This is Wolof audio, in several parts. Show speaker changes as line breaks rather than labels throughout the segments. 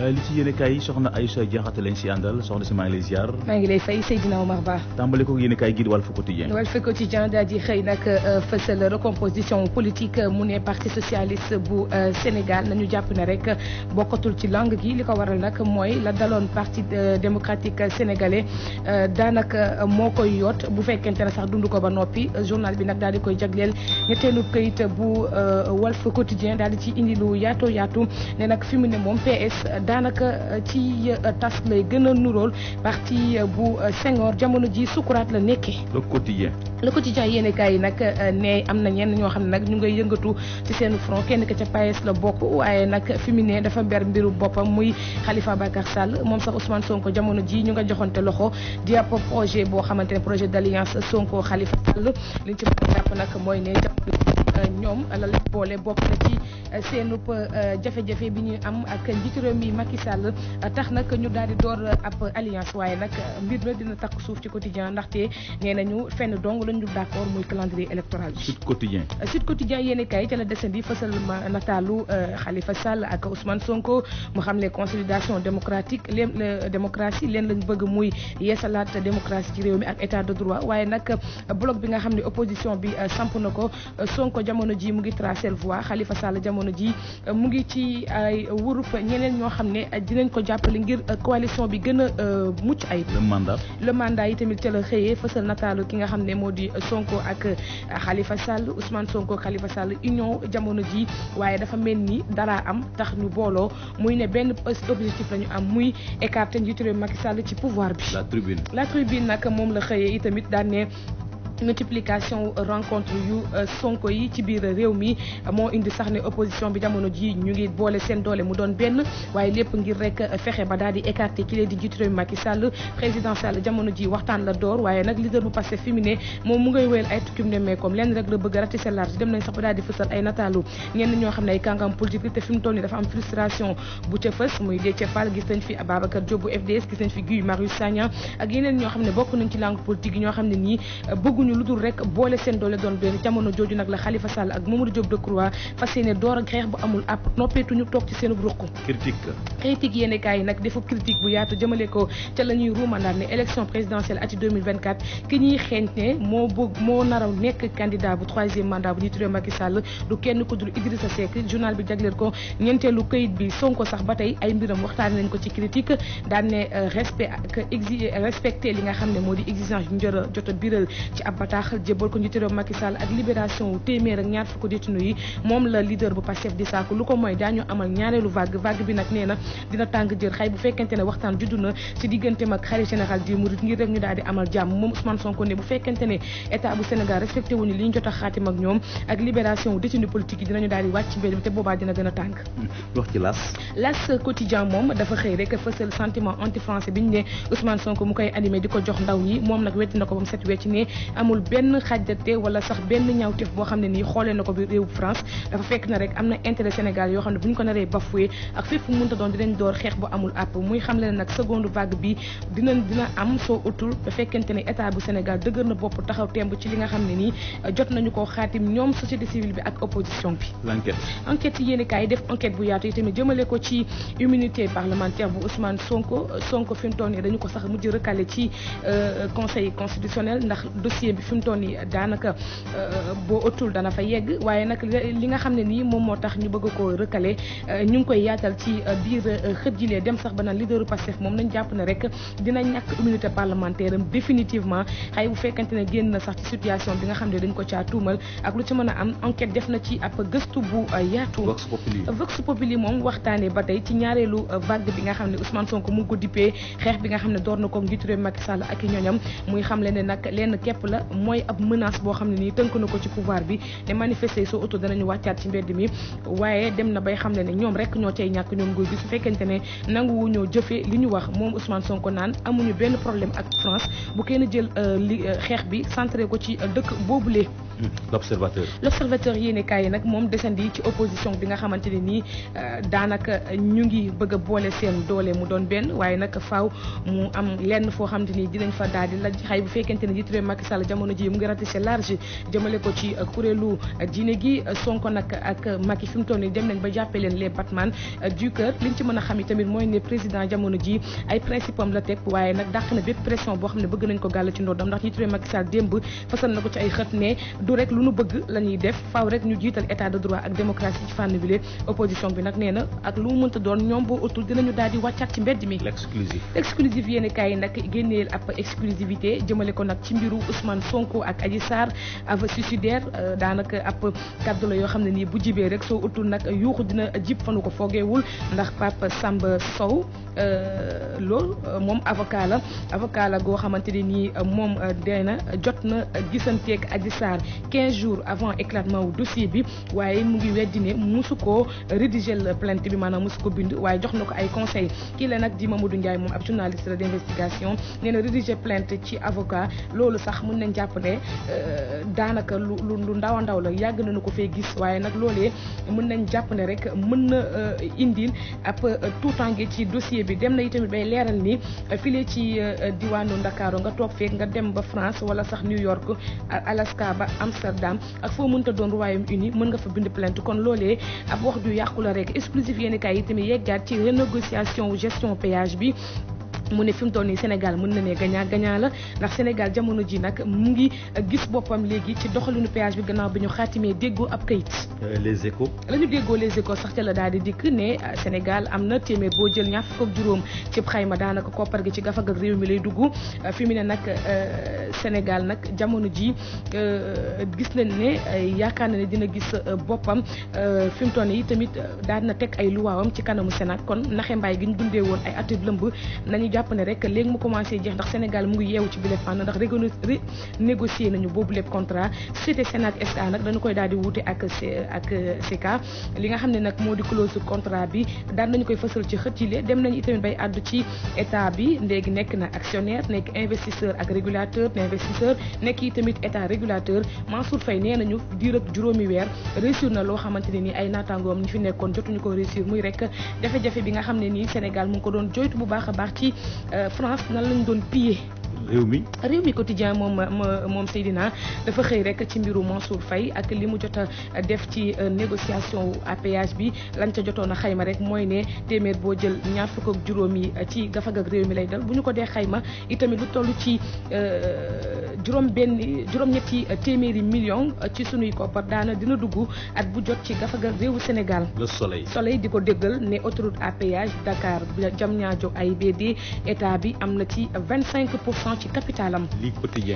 Eh, li ci yéenekaay yi soxna Aïssa Diakhaté si àndal soxna si maa ngi lay ziar. maa ngi lay fay Seydina Ba. tàmbali ko yéenekaay gi di Walf Quotidien. Walf Quotidien daal di xëy nag eh, fësal recomposition politique eh, mu ne parti socialiste bu Sénégal nañu jàpp ne rek bokkatul ci langue gi li ko waral nag mooy la daloon parti démocratique sénégalais daanaka moo koy yoot bu fekkente ne sax dund ko ba noppi journal bi nag daal di koy jagleel ñetteelu këyit bu Walf Quotidien daal di ci indi lu yaatu yaatu ne fi mu ne moom daanaka euh, ci euh, tas lay gën a nuróol parti euh, bu sengoor jamono ji sukkuraat la nekkee. le quotidien. le quotidien yéen kaay yi nag ne am na ñenn ñoo xam ne nag ñu ngay yëngatu ci seen front kenn ka ca PAES la bokk waaye nag fi mu dafa ber mbiru boppam muy xalifa Bakar sàll moom sax Ousmane Sonko jamono ji ñu nga joxante loxo di ab projet boo xamante ne projet d'alliance Sonko Khalifa Sall liñ ci mën jàpp nag mooy ne jamono ñoom la boole bokk na ci. seenub euh, jafe-jafe bi ñuy am ak njiitu réew mi Macky tax nag ñu daal di door ab alliance waaye nag mbir la dina takk suuf ci quotidien ndaxte nee nañu fenn dong lañu d' accord muy calendrier électoral bi. Sud Quotidien Sud Quotidien yéen kay ca la desandi fësal ma nataalu euh, Khalifa Sall ak Ousmane Sonko mu xam ne consolidation démocratique leen démocratie leen lañ bëgg muy yeesalaat démocratie ci réew mi ak état de droit waaye nag bloc bi nga xam ne opposition bi euh, sa na ko Sonko jamono ji mu ngi jamono ji mu ngi ci ay wuruf ñeneen ñoo xam ne dinañ ko jàppale ngir coalition bi gën a euh, mucc ay le mandat yi tamit ca la xëyee fësal nataalu ki nga xam ne moo di Sonko ak Khalifa Sall Ousmane Sonko Khalifa Sall union jamono ji waaye dafa mel ni dara am tax ñu booloo muy ne benn objectif lañu am muy écarter njiitu réew Macky Sall ci pouvoir bi. la tribune la nag moom la xëyee tamit daan ne multiplication rencontre yu euh, Sonko yi ci biir réew mi moo indi sax ne opposition bi jamono ji ñu ngi boole seen doole mu doon benn waaye lépp ngir rek euh, fexe ba daal di écarter ki di jiitu réew mi président Sall jamono ji waxtaan la door waaye nag leader bu passé féminin moom mu ngay wéyal ay tukkim ne comme lenn rek la bëgg a ratisser large dem nañ sax ba daal di fësal ay nataalu ñenn ñoo xam ne ay kàngam politique te fi mu nii dafa am defuñu lu dul rek boole seen doole doon benn jamono jooju nag la Khalifa Sall ak Mamadou Diop Decroix fas yéene door ak xeex bu amul àpp noppeetuñu toog ci seen ruq. la ñuy ruumandaat ne élection présidentielle ati 2024 ki ñuy xeeñ ne moo bëgg moo naraw nekk candidat bu troisième mandat bu njiitu réew Macky Sall du kenn ku dul Idrissa Seck journal bi jagleel ko ñeenteelu këyit bi Sonko sax ba tey ay mbiram waxtaan nañ ko ci critique daan ne euh, respect li nga xam ne moo di exigence yu njër jot biral ci ab bataaxal jébbal ko njiitu réew Macky Sall ak libération wu téeméer ak ñaar fukk détenu yi moom la leader bu Pastef di saaku lu ko mooy daañu amal ñaareelu vague vague bi nag nee dina tàng jër xay bu fekkente ne waxtaan juddu na ci diggante mag xarit général di murit ngir rek ñu daal amal jàmm moom Ousmane Sonko ne bu fekkente ne état bu Sénégal respecté wuñu li ñu jot a ñoom ak libération wu détenu politique yi dinañu daal wàcc mbedd bi a amul benn xajjate wala sax benn ñaawteef boo xam ne nii xoolee na ko bi réewu France dafa fekk na rek am na intérêt Sénégal yoo xam ne bu ñu ko naree bafoué ak fépp fu munta doon dinañ door xeex bu amul àpp muy xam le ne nag seconde vague bi dinañ dina am soo utul da fekkente ne état bu Sénégal dëgër na bopp taxaw temb ci li nga xam ne nii jot nañu koo xaatim ñoom société civile bi ak opposition bi enquête yi kaay def enquête bu yaatu yi tamit jëmale ko ci immunité parlementaire bu Ousmane Sonko Sonko fi mu toll nii dañu ko sax mujj recalé euh, économie bi fi mu toll nii daanaka euh, boo ëttul dana fa yegg waaye nag li nga xam ne nii moom moo tax ñu bëgg koo recalé euh, ñu ngi koy yaatal ci euh, biir xët jilee dem sax ba naan leaderu Pastef moom nañ jàpp ne rek dina ñàkk immunité parlementaire am définitivement xëy bu fekkante ne génn na sax ci situation bi nga xam ne dañ ko ca tuumal ak lu ci mën a am enquête def na ci ab gëstu bu yaatu vox populi moom waxtaane ba tey ci ñaareelu vague bi nga xam ne Ousmane Sonko mu ngi ko bi nga xam ne door na ko njiitu réew Macky Sall ak i mooy ab menace boo xam ne nii tënk na ko ci pouvoir bi ne manifester soo oto danañu wàccaat ci mbedd mi waaye dem na bay xam ne ne ñoom rek ñoo cay ñàkk ñoom nguur gi su fekkente ne nanguwu ñoo jëfe li ñu wax moom Ousmane Sonko naan amuñu benn problème ak France bu kenn jël euh, li euh, xeex bi centré ko ci euh, dëkk boobu boobule. l'observateur l'observateur yéene kaay yi nag moom desandi ci opposition bi nga xamante ne nii euh, daanaka ñu ngi bëgg a boole seen doole mu doon benn waaye nag faaw mu am lenn foo xam te ni dinañ fa daal di la xay bu fekkente ne jiitu réew Macky Sall jamono ji mu ngi ratissé large jëmale ko ci euh, kuréelu euh, diine gi Sonko nag ak Macky fi mu toll nii dem nañ ba jàppee leen les batman du cœur liñ ci mën a xam i tamit mooy ne président jamono ji ay principe la teg waaye nag dàq na bépp pression boo xam ne bëgg na ko ci ay du rek lu nu bëgg la ñuy def faw rek ñu jiital état de droit ak démocratie ci fànn bi lee opposition bi nag nee na ak lu mu mënta doon ñoom boo utul dinañu daal di wàccaat ci mbedd mi. l'exclusif l'exclusif yéen kaay yi nag génneel ab exclusivité jëmale ko nag ci mbiru Ousmane Sonko ak Adji Sarr ava suicidaire euh, daanaka ab kaddu la yoo xam ne nii bu jibee rek soo utul nag yuuxu dina jib fanu ko foogewul ndax Pape Samba Sow euh, loolu euh, moom avocat la avocat goo xamante ne nii moom dee na jot na gisanteeg Adji 15 jours avant éclatement wu dossier bi waaye mu ngi weddi ne musu ko rédiger la plainte bi maanaam musu ko bind waaye jox na ko ay conseil kii la nag di Mamadou Ndiaye moom ab journaliste la d'investigation nee na rédiger plainte ci avocat loolu sax mun nañ jàpp ne euh, daanaka lu lu ndaw a ndaw la yàgg nañu ko fee gis waaye nag loolee mën nañ jàpp ne rek mën na euh, indil ab euh, tuutange ci dossier bi dem na tamit bay leeral ni file ci diwaanu Ndakaaru nga toog nga dem ba France wala sax New York Alaska ba Amsterdam ak foo mënta doon Royaume-Uni mën nga fa bind plainte kon loole ab wax ju yàqu la rek exclusif yéen kaay yi tamit yeggaat ci renégociation gestion péage bi mu ne fi mu toll nii Sénégal mën na ne gagnant gagnant la ndax Sénégal jamono ji nag mu ngi gis boppam léegi ci doxalinu péage bi gannaaw bi ñu xaatimee déggoo ab kayit. Euh, les la ñu déggoo les échos sax ca la daal di dikk ne euh, Sénégal am na téeméer boo jël ñaar fukk ak juróom ci xayma daanaka koppar gi ci gafag ak réew mi lay dugg euh, fi mu ne nag Sénégal nag jamono ji gis nañ ne yaakaar na ne dina gis boppam fi mu toll nii tamit daan na teg ay luwaawam ci kanamu Sénat kon naxe mbaay gi ñu ay at yu jàpp ne rek léegi mu commencé jeex ndax Sénégal mu ngi yeewu ci bile fànn ndax renégocier nañu boobu lépp contrat koy daal di wuute ak ak CECA li nga xam ne nag moo di clause contrat bi daan nañu koy fësal ci xët yi dem nañu itamit bay àddu ci état bi léegi nekk na actionnaire nekk investisseur ak régulateur investisseur nekk yi tamit état régulateur Mansour Faye nee nañu diir ak juróomi weer réussir na loo xamante ne nii ay naataangoom ñu fi nekkoon jotuñu ko réussir muy rek jafe bi nga xam ne nii Sénégal mu ngi ko doon joytu bu baax a baax ci Euh, France nan lañ doon piller réew mi réew mi quotidien moom moom Seydina dafa xëy rek ci mbiru Mansour Faye ak li mu jot a def ci euh, négociation APH bi lañ ca jotoon a xayma rek mooy ne téeméer boo jël ñaar fukk ak juróom yi ci gafag ak réew mi lay dal bu ñu ko dee xayma itamit lu toll ci euh, juróom benn juróom ñetti téeméeri million ci sunuy koppar daana dina dugg at bu jot ci gafaga réewu Sénégal. le soleil soleil di ko déggal ne autoroute à péage Dakar ay AIBD état bi am na ci cent ci capitalam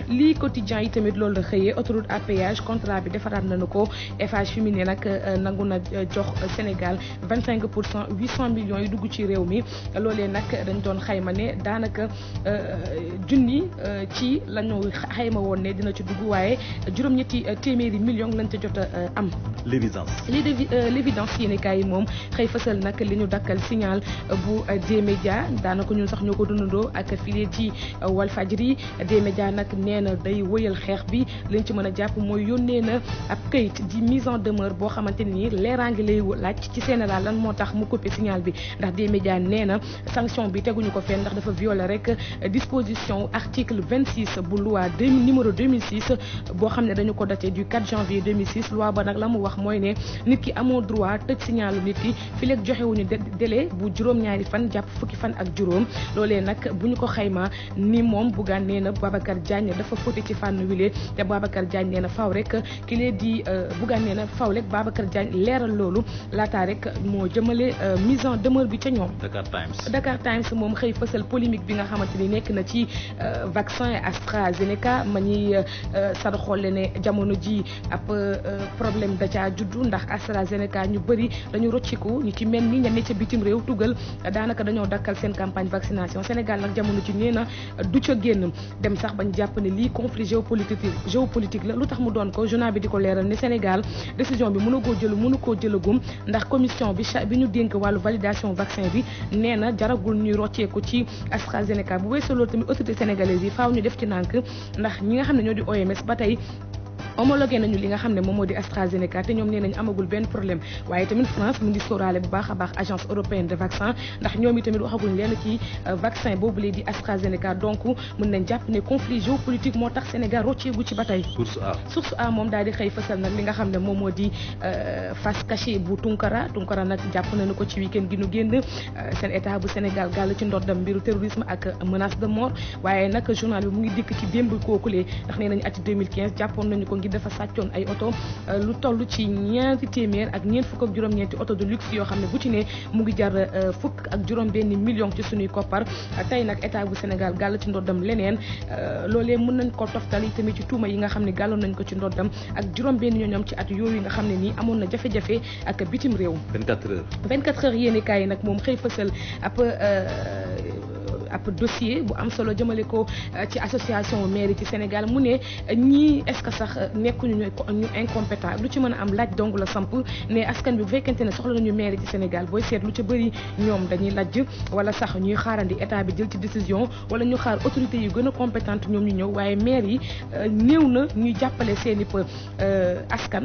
lii quotidien yi tamit loolu xëyee autoroute à péage contrat bi defaraat nañu ko Eiffage Feminies nag euh, nangu na euh, jox euh, Sénégal vingt cinq pour cent huit cent millions yi dugg ci réew mi loole nag dañ doon xayma ne daanaka junni ci la ñu xayma woon ne dina ci dugg waaye juróom-ñetti téeméeri millions lañ ca jot am. l'évidence l'évidence yéen kaay yi moom xëy fasal nag li dakkal signal bu des médias daanaka ñun sax ñoo ko dundandoo ak file ci Walfadjri Walfadjri des médias nag nee na day wëyal xeex bi liñ ci mën a jàpp mooy yónnee na ab kayit di mise en demeure boo xamante ni leeraangi lay laaj ci Sénégal lan moo tax mu coupé signal bi ndax des médias nee na sanction bi teguñu ko fenn ndax dafa violer rek disposition article 26 bu loi numéro 2006 boo xam ne dañu ko daté du 4 janvier 2006 loi ba nag la mu wax mooy ne nit ki amoo droit tëj signalu nit ki fi leeg joxewuñu délai bu juróom-ñaari fan jàpp fukki fan ak juróom loolee nag bu ko xayma ni moom Bougane nee na Babacar dafa fóote ci fànn te Babacar Diagne nee na faw rek ki lee di euh, Bougane nee na faw rek Babacar Diagne leeral loolu laataa rek moo jëmale euh, mise en demeure bi ca ñoom. Dakar moom xëy fësal polémique bi nga xamante ni nekk na ci euh, vaccin AstraZeneca ma ñuy sar xolle ne jamono ji ab problème da caa juddu ndax AstraZeneca ñu bëri dañu rocciku ñu ci mel ni ñenn ca bitim réew tugal daanaka dañoo dakkal seen campagne vaccination Sénégal nag jamono génn dem sax bañ jàpp ne lii conflit géopolitique géopolitique la lu tax mu doon ko journal bi di ko leeral ne Sénégal décision bi mënu koo jël mënu koo jëlagum ndax commission bi bi ñu dénk wàllu validation vaccin bi nee na jaragul ñuy rocceeku ci AstraZeneca bu weesoo loolu tamit autorité sénégalaise yi faaw ñu def ci nànk ndax ñi nga xam ne ñoo di OMS ba tey homologué nañu li nga xam ne moom moo di AstraZeneca te ñoom nee nañ amagul benn problème waaye tamit France mu ngi sóoraale bu baax a baax agence européenne de vaccin ndax ñoom itamit waxaguñ leen ci euh, vaccin boobu lee di AstraZeneca donc mën nañ jàpp ne conflit géopolitique moo tax Sénégal rocceegu ci ba tey. source A A moom daal di xëy fësal nag li nga xam ne moom moo di euh, face cachée bu Tunkara Tunkara nag jàpp nañu ko ci week-end gi nu génn euh, seen état bu Sénégal gàll ci ndoddam mbiru terrorisme ak menace de mort waaye mu ngi dikk ci démb gi dafa sàccoon ay oto euh, lu toll ci ñaari téeméer ak ñeent fukk ak juróom-ñeenti oto de luxe yoo xam ne bu ci ne mu ngi jar euh, fukk ak juróom-benn million ci suñuy koppar tey nag état bu Sénégal gàll ci ndoddam leneen euh, loolee mën nañ ko toftal yi tamit ci tuuma yi nga xam ne gàlloon nañ ko ci ndoddam ak juróom-benn ñooñoom ci at yooyu nga xam ne nii amoon na jafe-jafe ak bitim réew. 24 heures nag moom xëy fësal ab dossier bu am solo jëmale ko euh, ci association mairie ci Sénégal mu ne euh, ñii est-ce que sax euh, nekkuñu ñu incompétent lu ci mën a am laaj dong la samp ne askan bi bu fekkente ne soxla nañu mairie ci Sénégal booy seet lu ci bëri ñoom dañuy lajj wala sax ñuy xaarandi état bi jël ci décision wala ñu xaar autorités yu gën a compétente ñoom ñu ñëw waaye maire yi néew na ñuy jàppale seen i askan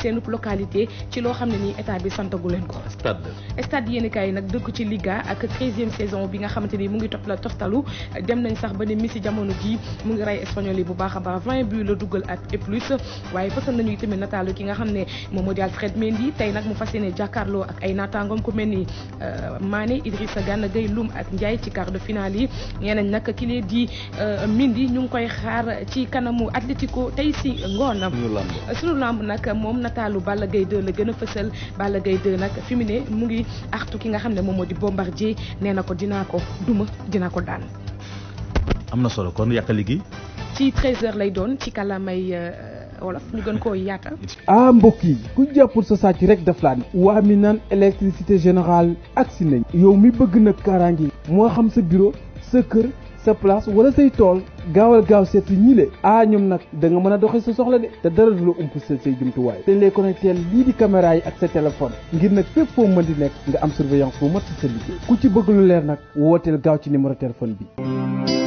seen localité ci loo xam ne nii état bi santagu leen ko. stade stade tof la toftalu dem nañ sax ba ne Messi jamono ji mu ngi rey espagnol yi bu baax a baax 20 buts la dugal ak et plus waaye fësal nañu itamit nataalu ki nga xam ne moom moo di Alfred Mendy tey nag mu fas yéene jàkkaarloo ak ay naataangoom ku mel ni euh, Mané Idrissa Gana Gueye Loum ak Ndiaye ci quart de finale yi ñeneen nag ki lee di euh, Mendy ñu ngi koy xaar ci kanamu Atlético tey si ngoon suñu lamb nag moom nataalu Balla Gaye la gën a fësal Balla Gaye nag mu ngi artu ki nga xam ne moom moo di Bombardier nee na ko dinaa ko duma dina ko daan. am na solo kon yàqali gi. ci 13 lay doon ci kàllaamay euh, wolof ñu gën koo yaatal. ah mbokk yi ku jàppul sa sàcc rek daf laa laan. waa mi naan électricité ak si nañ. yow mi bëgg nag kaaraange moo xam sa biro sa kër. sa place wala say tool gaawal gaaw seet si ñile ah ñoom nag da nga mën a doxee sa soxla de te dara du la ump sa say jumtuwaay te ñu lay connecté lii di caméra ak sa téléphone ngir nag fépp foo mën di nekk nga am surveillance bu mat si sa liggéey ku ci bëgg lu leer nag wooteel gaaw ci numéro téléphone bi